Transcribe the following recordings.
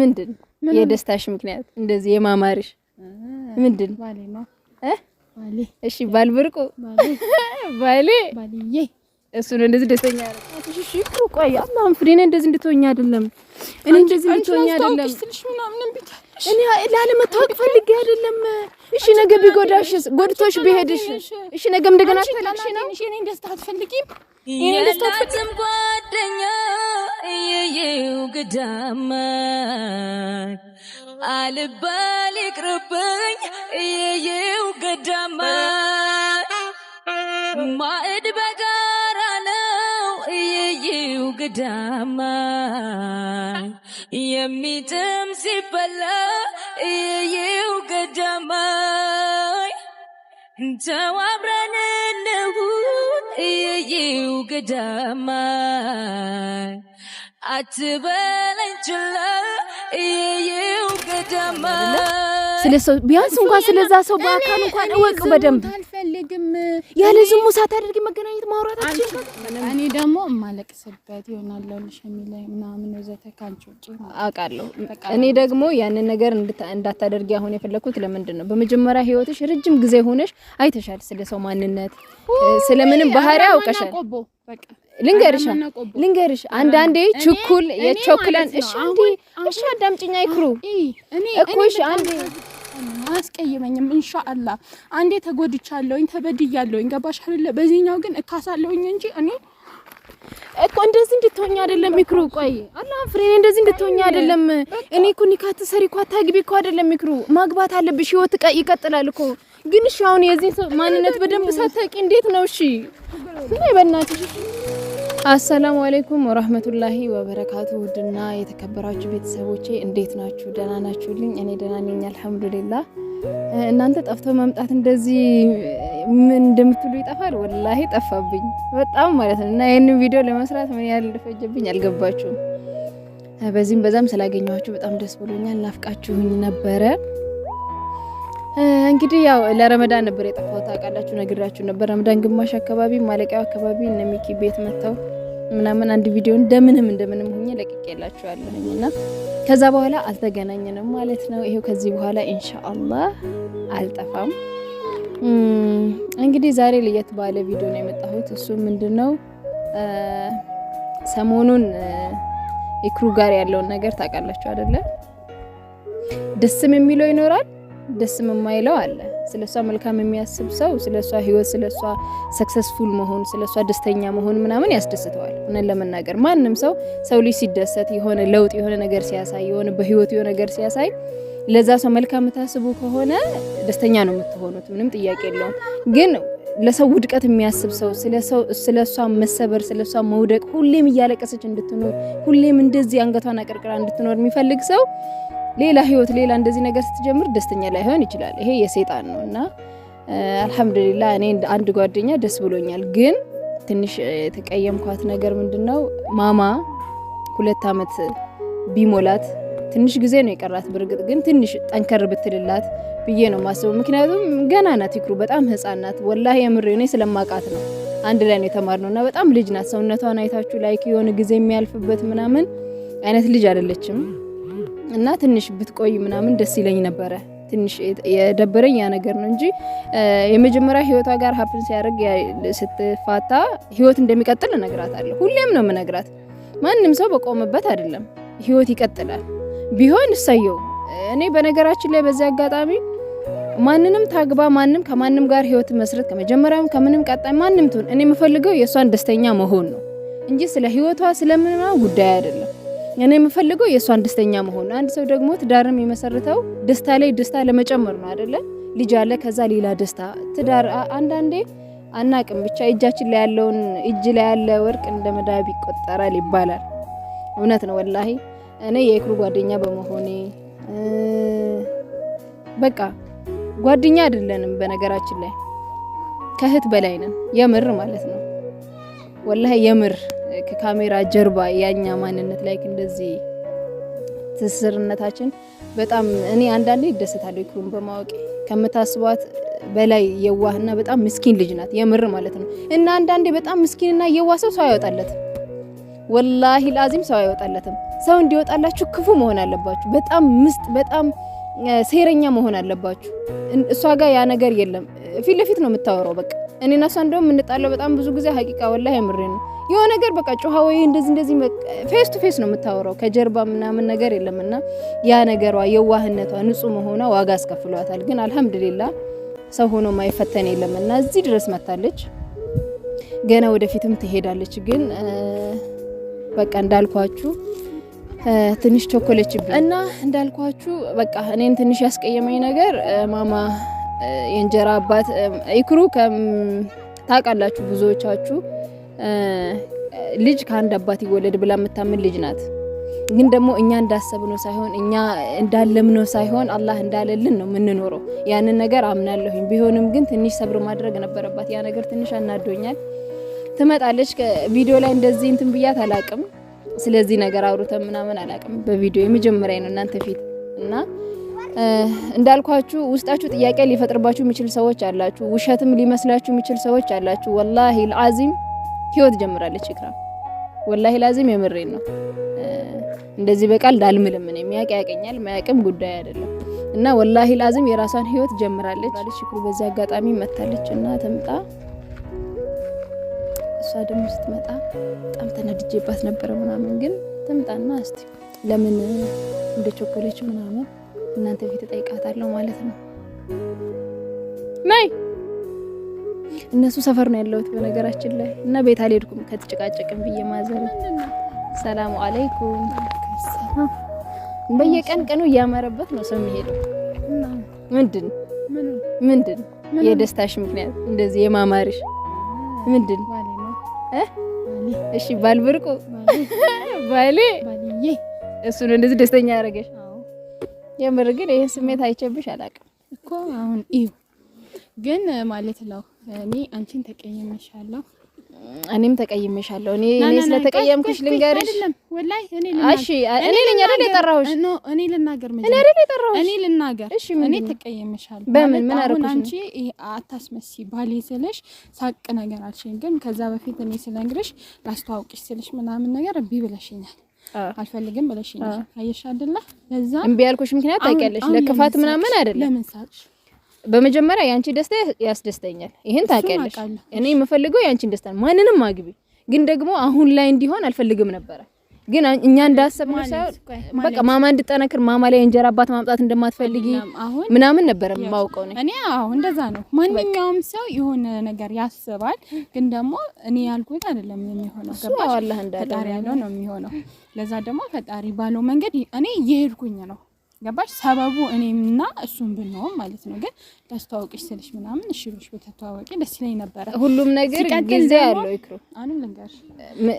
ምንድን የደስታሽ ምክንያት እንደዚህ የማማርሽ ምንድን እሺ ባል ብርቁ ባሌ እሱ ነው እንደዚህ ደስተኛ ነው። እሺ ቆይ አላም ፍሬ እንደዚህ እንድትሆኛ አይደለም እኔ እንደዚህ እንድትሆኛ አይደለም እኔ ላለመታወቅ ፈልጌ አይደለም። እሺ ነገ ቢጎዳሽ ጎድቶሽ ቢሄድሽ፣ እሺ ነገ እንደገና ተላልሽ ነው። እሺ እኔ ደስታ አትፈልጊም። እኔ ደስታ አትፈልጊም። ጓደኛ እየየው ግዳማ አልባል ይቅርብኝ። እየየው ገዳማ ማዕድ በጋራ ነው። እየየው ገዳማ የሚጥም ሲበላ እየው ገዳማይ ተዋብረን እንሁን እየው ገዳማይ አትበለኝ ችላ ሰው ቢያንስ እንኳን ስለዛ ሰው በአካል እንኳን እወቅ በደንብ አልፈልግም። ያለ ዝሙ ሳታደርግ መገናኘት ማውራታችን እኔ ደግሞ እማለቅስበት ይሆናል ሸሚላ ምናምን ወዘተ ካልጭ ውጭ አውቃለሁ። እኔ ደግሞ ያንን ነገር እንዳታደርጊ አሁን የፈለግኩት ለምንድን ነው በመጀመሪያ ህይወትሽ ረጅም ጊዜ ሆነሽ አይተሻል። ስለ ሰው ማንነት ስለምንም ባህሪ አውቀሻል። ልንገርሽ ልንገርሽ አንዳንዴ ችኩል የቾክለን እሺ እንዴ እሺ አዳምጪኝ አይክሩ እኔ እኮሽ አንዴ አያስቀይመኝም ኢንሻአላህ አንዴ ተጎድቻለሁኝ ተበድያለሁኝ ገባሽ አይደለ በዚህኛው ግን እካሳለሁኝ እንጂ እኔ እኮ እንደዚህ እንድትሆኝ አይደለም ሚክሩ ቆይ አላህ ፍሬ እንደዚህ እንድትሆኝ አይደለም እኔ እኮ ኒካት ሰሪ እኮ አታግቢ እኮ አይደለም ሚክሩ ማግባት አለብሽ ህይወት ይቀጥላል እኮ ግን እሺ አሁን የዚህ ማንነት በደንብ ሳታውቂ እንዴት ነው እሺ በእናትሽ አሰላሙ አሌይኩም ወራህመቱላሂ ወበረካቱ። ውድና የተከበራችሁ ቤተሰቦቼ እንዴት ናችሁ? ደህና ናችሁልኝ? እኔ ደህና ነኝ አልሐምዱሊላ። እናንተ ጠፍቶ መምጣት እንደዚህ ምን እንደምትሉ ይጠፋል። ወላሂ ጠፋብኝ በጣም ማለት ነው። እና ይህንን ቪዲዮ ለመስራት ምን ያህል እንደፈጀብኝ አልገባችሁም። በዚህም በዛም ስላገኘኋችሁ በጣም ደስ ብሎኛል። ናፍቃችሁኝ ነበረ። እንግዲህ ያው ለረመዳን ነበር የጠፋው ታውቃላችሁ፣ ነግራችሁ ነበር። ረመዳን ግማሽ አካባቢ ማለቂያው አካባቢ እነ ሚኪ ቤት መጥተው ምናምን አንድ ቪዲዮ እንደምንም እንደምንም ሆኜ ለቅቄላችኋለሁኝ እና ከዛ በኋላ አልተገናኘንም ማለት ነው። ይሄው ከዚህ በኋላ ኢንሻአላህ አልጠፋም። እንግዲህ ዛሬ ለየት ባለ ቪዲዮ ነው የመጣሁት። እሱ ምንድነው ሰሞኑን ኢክሩ ጋር ያለውን ነገር ታውቃላችሁ አይደለ? ደስም የሚለው ይኖራል ደስ የማይለው አለ። ስለ እሷ መልካም የሚያስብ ሰው ስለ እሷ ህይወት፣ ስለ እሷ ሰክሰስፉል መሆን፣ ስለ እሷ ደስተኛ መሆን ምናምን ያስደስተዋል። እውነት ለመናገር ማንም ሰው ሰው ልጅ ሲደሰት የሆነ ለውጥ የሆነ ነገር ሲያሳይ የሆነ በህይወቱ የሆነ ነገር ሲያሳይ ለዛ ሰው መልካም የምታስቡ ከሆነ ደስተኛ ነው የምትሆኑት፣ ምንም ጥያቄ የለውም። ግን ለሰው ውድቀት የሚያስብ ሰው ስለ እሷ መሰበር፣ ስለ እሷ መውደቅ፣ ሁሌም እያለቀሰች እንድትኖር፣ ሁሌም እንደዚህ አንገቷን አቀርቅራ እንድትኖር የሚፈልግ ሰው ሌላ ህይወት ሌላ እንደዚህ ነገር ስትጀምር ደስተኛ ላይሆን ይችላል። ይሄ የሰይጣን ነው እና አልሐምዱሊላ እኔ አንድ ጓደኛ ደስ ብሎኛል። ግን ትንሽ የተቀየምኳት ነገር ምንድን ነው ማማ ሁለት ዓመት ቢሞላት ትንሽ ጊዜ ነው የቀራት። በእርግጥ ግን ትንሽ ጠንከር ብትልላት ብዬ ነው ማስበው። ምክንያቱም ገና ናት ይክሩ በጣም ህፃን ናት። ወላ የምር እኔ ስለማቃት ነው አንድ ላይ ነው የተማርነው እና በጣም ልጅ ናት። ሰውነቷን አይታችሁ ላይክ የሆነ ጊዜ የሚያልፍበት ምናምን አይነት ልጅ አይደለችም። እና ትንሽ ብትቆይ ምናምን ደስ ይለኝ ነበረ። ትንሽ የደበረኝ ያ ነገር ነው እንጂ የመጀመሪያ ህይወቷ ጋር ሀፕን ሲያደርግ ስትፋታ ህይወት እንደሚቀጥል እነግራታለሁ። ሁሌም ነው የምነግራት። ማንም ሰው በቆመበት አይደለም፣ ህይወት ይቀጥላል። ቢሆን እሰየው። እኔ በነገራችን ላይ በዚህ አጋጣሚ ማንንም ታግባ ማንም ከማንም ጋር ህይወት መስረት ከመጀመሪያም ከምንም ቀጣይ ማንም ትሁን፣ እኔ የምፈልገው የእሷን ደስተኛ መሆን ነው እንጂ ስለ ህይወቷ ስለምንማ ጉዳይ አይደለም። እኔ የምፈልገው የእሷን ደስተኛ መሆን። አንድ ሰው ደግሞ ትዳርም የመሰረተው ደስታ ላይ ደስታ ለመጨመር ነው አይደለ? ልጅ አለ፣ ከዛ ሌላ ደስታ ትዳር። አንዳንዴ አናቅም፣ ብቻ እጃችን ላይ ያለውን እጅ ላይ ያለ ወርቅ እንደ መዳብ ይቆጠራል ይባላል። እውነት ነው ወላሂ። እኔ የእክሩ ጓደኛ በመሆኔ በቃ ጓደኛ አይደለንም በነገራችን ላይ ከእህት በላይ ነን፣ የምር ማለት ነው ወላሂ የምር ከካሜራ ጀርባ ያኛ ማንነት ላይ እንደዚህ ትስስርነታችን በጣም እኔ አንዳንዴ ይደሰታለሁ ይክሩን በማወቅ ከምታስቧት በላይ የዋህና በጣም ምስኪን ልጅ ናት። የምር ማለት ነው። እና አንዳንዴ በጣም ምስኪንና የዋህ ሰው ሰው አይወጣለትም። ወላሂ ላዚም ሰው አይወጣለትም። ሰው እንዲወጣላችሁ ክፉ መሆን አለባችሁ። በጣም ምስጥ፣ በጣም ሴረኛ መሆን አለባችሁ። እሷ ጋር ያ ነገር የለም። ፊት ለፊት ነው የምታወራው በቃ እኔ እና እሷ እንደውም የምንጣለው በጣም ብዙ ጊዜ ሀቂቃ ወላሂ ምሬ ነው። የሆነ ነገር በቃ ጮሃ ወይ እንደዚህ እንደዚህ ፌስ ቱ ፌስ ነው የምታወራው ከጀርባ ምናምን ነገር የለም። እና ያ ነገሯ የዋህነቷ፣ ንጹህ መሆኗ ዋጋ አስከፍሏታል። ግን አልሐምዱሊላ ሰው ሆኖ ማይፈተን የለም እና እዚህ ድረስ መታለች። ገና ወደፊትም ትሄዳለች። ግን በቃ እንዳልኳችሁ ትንሽ ቸኮለችብኝ እና እንዳልኳችሁ በቃ እኔን ትንሽ ያስቀየመኝ ነገር ማማ የእንጀራ አባት ኢክሩ ታውቃላችሁ፣ ብዙዎቻችሁ ልጅ ከአንድ አባት ይወለድ ብላ የምታምን ልጅ ናት። ግን ደግሞ እኛ እንዳሰብነው ሳይሆን እኛ እንዳለምነው ሳይሆን አላህ እንዳለልን ነው የምንኖረው። ያንን ነገር አምናለሁኝ። ቢሆንም ግን ትንሽ ሰብር ማድረግ ነበረባት። ያ ነገር ትንሽ አናዶኛል። ትመጣለች ቪዲዮ ላይ እንደዚህ እንትን ብያት አላቅም። ስለዚህ ነገር አውርተን ምናምን አላቅም። በቪዲዮ የመጀመሪያ ነው እናንተ ፊት እና እንዳልኳችሁ ውስጣችሁ ጥያቄ ሊፈጥርባችሁ የሚችል ሰዎች አላችሁ። ውሸትም ሊመስላችሁ የሚችል ሰዎች አላችሁ። ወላሂ ልአዚም ህይወት ጀምራለች ኢክራም። ወላሂ ልአዚም የምሬን ነው። እንደዚህ በቃል ዳልምልም ነው የሚያውቅ ያቀኛል ማያቅም ጉዳይ አይደለም። እና ወላሂ ልአዚም የራሷን ህይወት ጀምራለች። ሽኩር በዚህ አጋጣሚ መታለች እና ተምጣ እሷ ደግሞ ስትመጣ በጣም ተናድጄባት ነበረ ምናምን፣ ግን ተምጣና እስቲ ለምን እንደ እንደቸኮለች ምናምን እናንተ ፊት እጠይቃታለሁ ማለት ነው። ነይ እነሱ ሰፈር ነው ያለሁት በነገራችን ላይ እና ቤት አልሄድኩም ከተጨቃጨቅን ብዬ ማዘር ሰላሙ አለይኩም። በየቀን ቀኑ እያመረበት ነው ሰው የሚሄደው። ምንድን ምንድን የደስታሽ ምክንያት እንደዚህ የማማርሽ ምንድን? እሺ ባልብርቁ ባሌ እሱ ነው እንደዚህ ደስተኛ ያደረገሽ። የምር ግን ይሄ ስሜት አይቼብሽ አላውቅም እኮ አሁን እዩ ግን ማለት ነው እኔ አንቺን ተቀየምሻለሁ እኔም ተቀይሜሻለሁ። እኔ እኔ ስለተቀየምኩሽ ልንገርሽ። ወላሂ እኔ እሺ፣ እኔ ነኝ አይደል የጠራሁሽ? ኖ እኔ ልናገር ምን እኔ አይደል የጠራሁሽ? እኔ ልናገር። እሺ፣ እኔ ተቀይሜሻለሁ። በምን ምን አደረኩሽ? አንቺ አታስመሲ ባሌ ስለሽ ሳቅ ነገር አልሽኝ፣ ግን ከዛ በፊት እኔ ስለንግርሽ ላስተዋውቅሽ ስለሽ ምናምን ነገር እምቢ ብለሽኛል። አልፈልግም ብለሽኛል። አየሽ አይደለ? ለዛ እምቢ ያልኩሽ ምክንያት ታውቂያለሽ። ለክፋት ምናምን አይደለም። ለምን ሳቅሽ? በመጀመሪያ ያንቺ ደስታ ያስደስተኛል። ይሄን ታውቂያለሽ። እኔ የምፈልገው ያንቺን ደስታ። ማንንም አግቢ፣ ግን ደግሞ አሁን ላይ እንዲሆን አልፈልግም ነበረ ግን እኛ እንዳሰብነው ሳይሆን በቃ ማማ እንድጠነክር ማማ ላይ እንጀራ አባት ማምጣት እንደማትፈልጊ ምናምን ነበረ የማውቀው ነው እኔ። አዎ እንደዛ ነው። ማንኛውም ሰው የሆነ ነገር ያስባል፣ ግን ደግሞ እኔ ያልኩት አይደለም የሚሆነው። ፈጣሪ ያለው ነው የሚሆነው። ለዛ ደግሞ ፈጣሪ ባለው መንገድ እኔ እየሄድኩኝ ነው ገባሽ? ሰበቡ እኔምና እሱም ብንሆን ማለት ነው። ግን ላስተዋወቅሽ ስልሽ ምናምን እሺ ብለሽ በተተዋወቂ ደስ ይለኝ ነበረ። ሁሉም ነገር ጊዜ ያለው ይክሩ አሁንም ልንገርሽ፣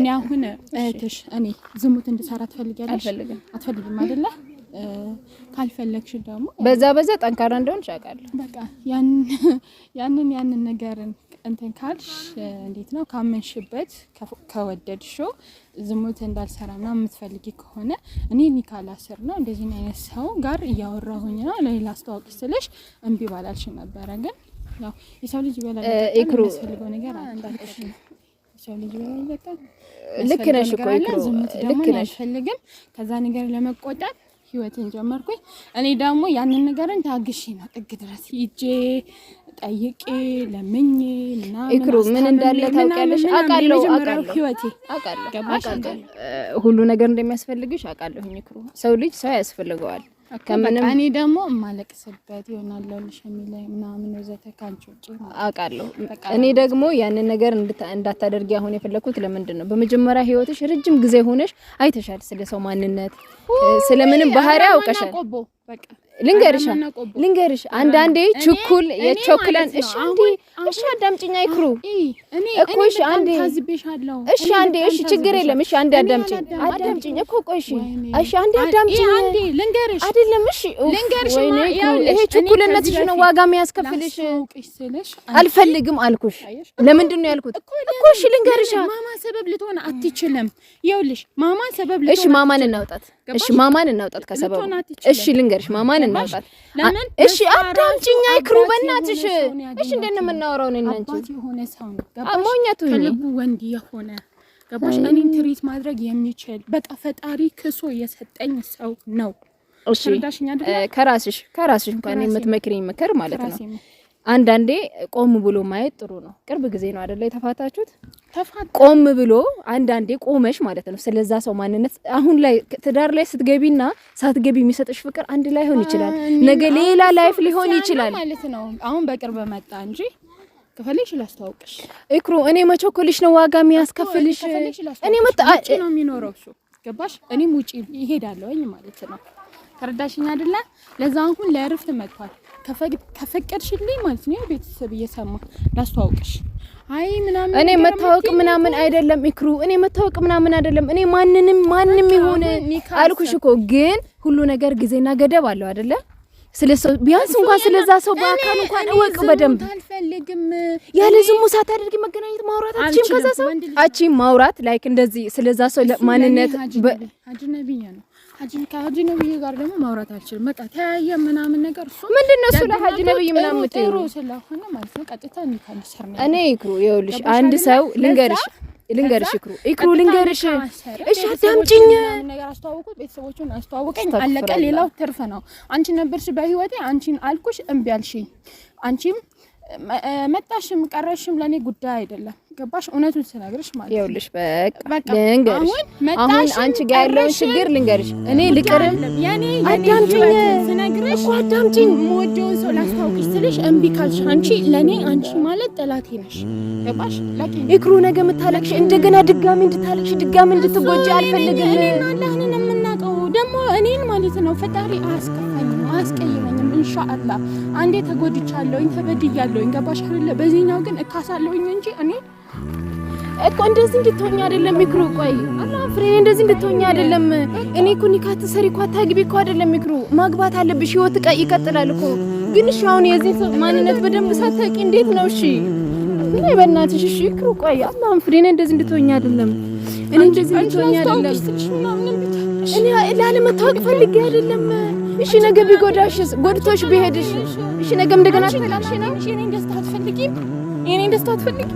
እኔ አሁን እህትሽ እኔ ዝሙት እንድሰራ ትፈልጊያለሽ? አትፈልግም አይደለ? ካልፈለግሽ ደግሞ በዛ በዛ ጠንካራ እንደሆን እሻቃለሁ። በቃ ያንን ያንን ነገርን እንትን ካልሽ እንዴት ነው ካመንሽበት፣ ከወደድሽው ዝሙት እንዳልሰራ ና የምትፈልጊ ከሆነ እኔ ኒካላ ስር ነው እንደዚህ አይነት ሰው ጋር እያወራሁኝ ነው ለሌላ አስተዋወቂ ስለሽ እምቢ ባላልሽ ነበረ። ግን ያው የሰው ልጅ ይበላል የሚያስፈልገው ነገር አንዳልሽ ነው ልክ ነሽ እኮ ልክ ነሽ። አልፈልግም ከዛ ነገር ለመቆጣት ህይወቴን ጀመርኩኝ። እኔ ደግሞ ያንን ነገርን ታግሼ ነው ጥግ ድረስ ሂጄ ጠይቄ ለምኜ ምናምን ምን እንዳለ ታውቂያለሽ። አውቃለሁ አውቃለሁ ሁሉ ነገር እንደሚያስፈልግሽ አውቃለሁኝ። ኢክሩ ሰው ልጅ ሰው ያስፈልገዋል ከምንም እኔ ደግሞ የማለቅስበት ይሆናል ልሽ የሚለኝ ምናምን ወዘተ ከአንቺ ውጭ አውቃለሁ። እኔ ደግሞ ያንን ነገር እንዳታደርጊ አሁን የፈለግኩት ለምንድን ነው፣ በመጀመሪያ ህይወትሽ ረጅም ጊዜ ሆነሽ አይተሻል። ስለ ሰው ማንነት ስለምንም ባህሪ አውቀሻል። ልንገርሽ ልንገርሽ አንዳንዴ ችኩል የቸኩለን እሺ አንዴ እሺ አዳምጪኝ አይክሩ እኮ እሺ አንዴ እሺ አንዴ እሺ ችግር የለም እሺ አንዴ አዳምጪኝ አዳምጪኝ እኮ ቆይ እሺ እሺ አንዴ አዳምጪኝ አንዴ ልንገርሽ አይደለም እሺ ልንገርሽ ይሄ ችኩልነትሽ ነው ዋጋ የሚያስከፍልሽ አልፈልግም አልኩሽ ለምንድን ነው ያልኩት እኮ እሺ ልንገርሽ ማማ ሰበብ ልትሆን አትችልም ይኸውልሽ ማማ ሰበብ ልትሆን እሺ ማማን እናውጣት እሺ ማማን እናውጣት ከሰበቡ። እሺ ልንገርሽ፣ ማማን እናውጣት። እሺ አዳምጪኝ አይክሩ፣ በእናትሽ እሺ። እንደነ የምናወራው ነው እናንቺ አሞኛቱ ከልቡ ወንድ የሆነ ገባሽ? እኔን ትሪት ማድረግ የሚችል በቃ ፈጣሪ ክሶ የሰጠኝ ሰው ነው። እሺ ከራስሽ ከራስሽ እንኳን የምትመክሪኝ ምክር ማለት ነው አንዳንዴ ቆም ብሎ ማየት ጥሩ ነው። ቅርብ ጊዜ ነው አደለ የተፋታችሁት? ቆም ብሎ አንዳንዴ ቆመሽ ማለት ነው ስለዛ ሰው ማንነት። አሁን ላይ ትዳር ላይ ስትገቢና ሳትገቢ የሚሰጥሽ ፍቅር አንድ ላይ ሆን ይችላል፣ ነገ ሌላ ላይፍ ሊሆን ይችላል ማለት ነው። አሁን በቅርብ መጣ እንጂ ከፈለግሽ ላስተዋውቅሽ እክሩ። እኔ መቸኮልሽ ነው ዋጋ የሚያስከፍልሽ። እኔ መጣጭ ነው የሚኖረው እሱ ገባሽ? እኔም ውጪ ይሄዳለሁኝ ማለት ነው። ተረዳሽኝ አይደለ? ለዛ አሁን ለእረፍት መጥቷል። ከፈቀድሽልኝ ማለት ነው ቤተሰብ እየሰማ ላስተዋውቅሽ። አይ ምናምን እኔ መታወቅ ምናምን አይደለም ኢክሩ፣ እኔ መታወቅ ምናምን አይደለም። እኔ ማንንም ማንም የሆነ አልኩሽ እኮ ግን ሁሉ ነገር ጊዜና ገደብ አለው አይደለ? ስለሰው ቢያንስ እንኳን ስለዛ ሰው በአካል እንኳን እወቅ በደንብ። ያለ ዝሙ ሳታደርጊ መገናኘት ማውራት አቺም ከዛ ሰው አቺም ማውራት ላይክ እንደዚህ ስለዛ ሰው ማንነት አጅነቢያ ነው ሀጂ ነብዬ ጋር ደግሞ ማውራት አልችልም። በቃ ተያየ ምናምን ነገር እሱ ምንድን ነው እሱ ለሀጂ ነብይ ምናምን ጥሩ ስለሆነ ማለት ነው። ቀጥታ ነው እኔ ይክሩ ይኸውልሽ፣ አንድ ሰው ልንገርሽ ልንገርሽ ይክሩ ይክሩ ልንገርሽ። እሺ አዳምጪኝ። ነገር አስተዋወቁት፣ ቤተሰቦቹን አስተዋውቀኝ፣ አለቀ። ሌላው ትርፍ ነው። አንቺ ነበርሽ በህይወቴ፣ አንቺን አልኩሽ፣ እምቢ አልሽኝ። አንቺም መጣሽም ቀረሽም ለእኔ ጉዳይ አይደለም። ገባሽ? እውነቱን ስነግርሽ ማለት ነው። ይኸውልሽ በቃ ልንገርሽ፣ አሁን አንቺ ጋር ያለውን ችግር ልንገርሽ። እኔ ልቅርም አዳምጪኝ ስነግርሽ እኮ አዳምጪኝ። የምወደውን ሰው ላስታውቅሽ ስልሽ እምቢ ካልሽ አንቺ ለእኔ አንቺ ማለት ጠላቴ ነሽ። ገባሽ? ለኪ እክሩ ነገ የምታለቅሽ እንደገና ድጋሚ እንድታለቅሽ ድጋሚ እንድትጎጂ አልፈልግም። እኔ ማለት ነው። ፈጣሪ አያስከፋኝም፣ አያስቀይመኝም። እንሻአላ አንዴ ተጎድቻለሁኝ፣ ተበድያለሁኝ። ገባሽ አይደለ? በዚህኛው ግን እካሳለሁኝ እንጂ እኔ እኮ እንደዚህ እንድትሆኝ አይደለም። ይክሩ ቆይ አላ ፍሬ እንደዚህ እንድትሆኝ አይደለም። እኔ እኮ ኒካት ሰሪ እኮ አታግቢ እኮ አይደለም። ይክሩ ማግባት አለብሽ። ህይወት ቀይ ይቀጥላል እኮ ግን እሺ፣ አሁን የዚህ ሰው ማንነት በደንብ ሳታውቂ እንዴት ነው? እሺ ምን በእናትሽ እሺ፣ ይክሩ ቆይ አላ ፍሬ እንደዚህ እንድትሆኝ አይደለም። እኔ እንደዚህ እንድትሆኝ አይደለም። እኔ ላለመታወቅ ፈልጌ አይደለም። እሺ ነገ ቢጎዳሽስ? ጎድቶሽ ቢሄድሽ? እሺ ነገ እንደገና ትላልሽ ነው። እሺ እኔ ደስታ አትፈልጊም? እኔ ደስታ አትፈልጊም?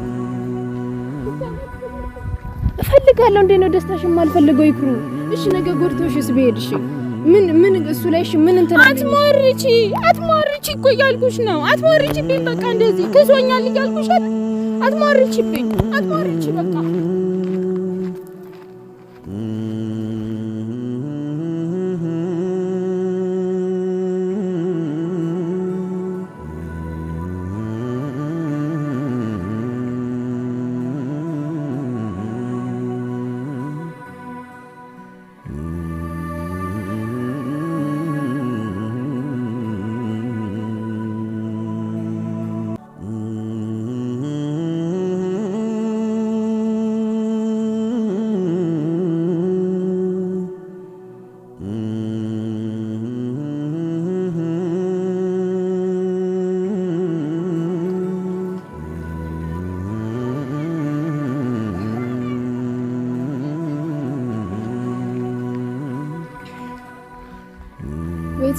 እፈልጋለሁ። እንዴት ነው ደስታሽ የማልፈልገው ይክሩ? እሺ ነገ ጎድቶሽስ ቢሄድሽ? ምን ምን እሱ ላይ እሺ ምን እንትን አትሞርቺ፣ አትሞርቺ እኮ እያልኩሽ ነው። አትሞርቺብኝ በቃ እንደዚህ ክሶኛል እያልኩሽ አትሞርቺብኝ፣ አትሞርቺ በቃ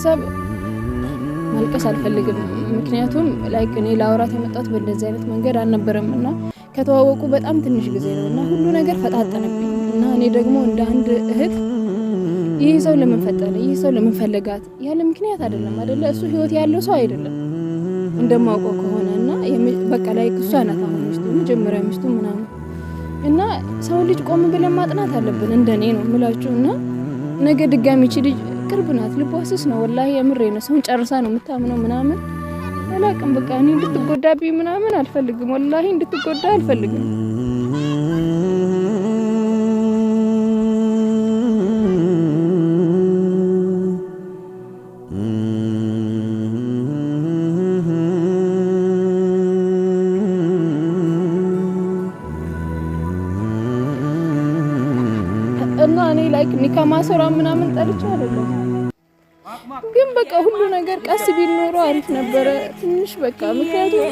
ቤተሰብ ማልቀስ አልፈልግም። ምክንያቱም ላይክ እኔ ለአውራት የመጣት በእንደዚህ አይነት መንገድ አልነበረም እና ከተዋወቁ በጣም ትንሽ ጊዜ ነው እና ሁሉ ነገር ፈጣጠነብኝ እና እኔ ደግሞ እንደ አንድ እህት ይህ ሰው ለምን ፈጠነ? ይህ ሰው ለምን ፈለጋት? ያለ ምክንያት አይደለም አደለ? እሱ ህይወት ያለው ሰው አይደለም እንደማውቀው ከሆነ እና በቃ ላይ እሷ ናት አሁን ሚስቱ፣ መጀመሪያ ሚስቱ ምናምን እና ሰው ልጅ ቆም ብለን ማጥናት አለብን። እንደኔ ነው ምላችሁ እና ነገ ድጋሚ ይች ልጅ ቅርብ ናት። ልቧ ስስ ነው። ወላሂ የምሬ ነው። ሰውን ጨርሳ ነው የምታምነው ምናምን አላቅም። በቃ እኔ እንድትጎዳብኝ ምናምን አልፈልግም። ወላሂ እንድትጎዳ አልፈልግም። እና እኔ ላይክ ኒካ ምናምን ጠልቼ አይደለም በቃ ሁሉ ነገር ቀስ ቢል ኖሮ አሪፍ ነበረ። ትንሽ በቃ ምክንያቱም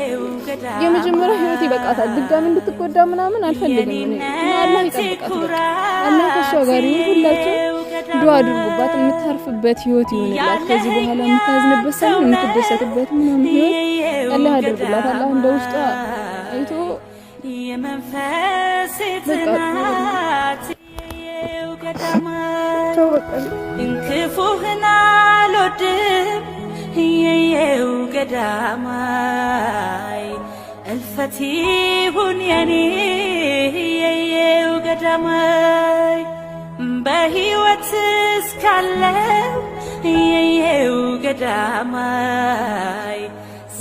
የመጀመሪያ ህይወት ይበቃታል። ድጋሚ እንድትጎዳ ምናምን አልፈልግም። ከሷ ጋር ይሁን። ሁላችሁ ዱአ አድርጉባት። የምታርፍበት ህይወት ይሆንላት። ከዚህ በኋላ የምታዝንበት ሳይሆን የምትደሰትበት ምናምን ህይወት አላህ ያደርግላት። አላህ እንደ ውስጧ አይቶ የመንፈስትናት በቃ አልወድም እየየው ገዳማይ እልፈት ይሁን የኔ እየየው ገዳማይ በሕይወት እስካለው እየየው ገዳማይ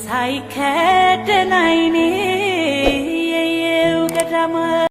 ሳይከደን አይኔ እየየው ገዳማይ